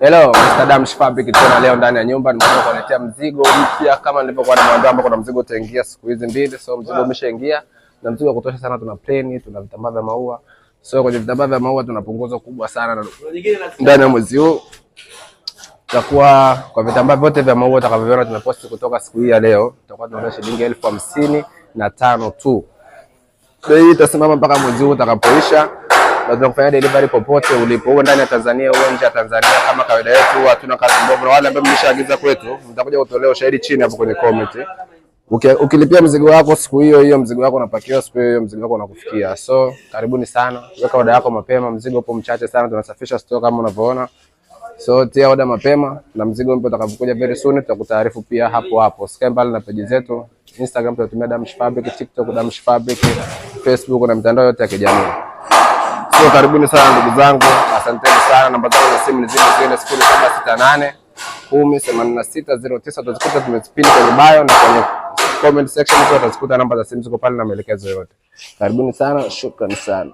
Hello, Mr. Damshfabi kitona leo ndani ya nyumba nimekuja kuletea mzigo mpya kama nilivyokuwa nimeandaa ambao kuna mzigo utaingia siku hizi mbili. So mzigo umeshaingia na mzigo wa kutosha sana, tuna pleni, tuna vitambaa vya maua. So kwenye vitambaa vya maua tuna punguzo kubwa sana ndani ya mwezi huu. Takuwa kwa vitambaa vyote vya maua utakavyoviona tumeposti kutoka siku hii ya leo, tutakuwa tunauza shilingi elfu hamsini na tano tu. Bei itasimama mpaka mwezi huu utakapoisha. Unaweza kufanya delivery popote ulipo, uwe ndani ya Tanzania uwe nje ya Tanzania. Kama kawaida yetu, hatuna kazi mbovu, na wale ambao mlishaagiza kwetu mtakuja kutolea ushahidi chini hapo kwenye comment. Ukilipia mzigo wako siku hiyo hiyo, mzigo wako unapakiwa siku hiyo hiyo, mzigo wako unakufikia. So karibuni sana, weka oda yako mapema, mzigo upo mchache sana, tunasafisha stock kama unavyoona. So tia oda mapema na mzigo mpya utakapokuja very soon tutakutaarifu pia hapo hapo. Sikae mbali na page zetu Instagram tunatumia Damshi Fabric, TikTok Damshi Fabric, Facebook na mitandao yote ya kijamii. So karibuni sana ndugu zangu, asanteni sana. Namba zangu za simu ni zile zile sifuri saba sita nane kumi themanini na sita zero tisa utazikuta tumezipini kwenye bio na kwenye comment section, utazikuta namba za simu ziko pale na maelekezo yote. Karibuni sana, shukrani sana.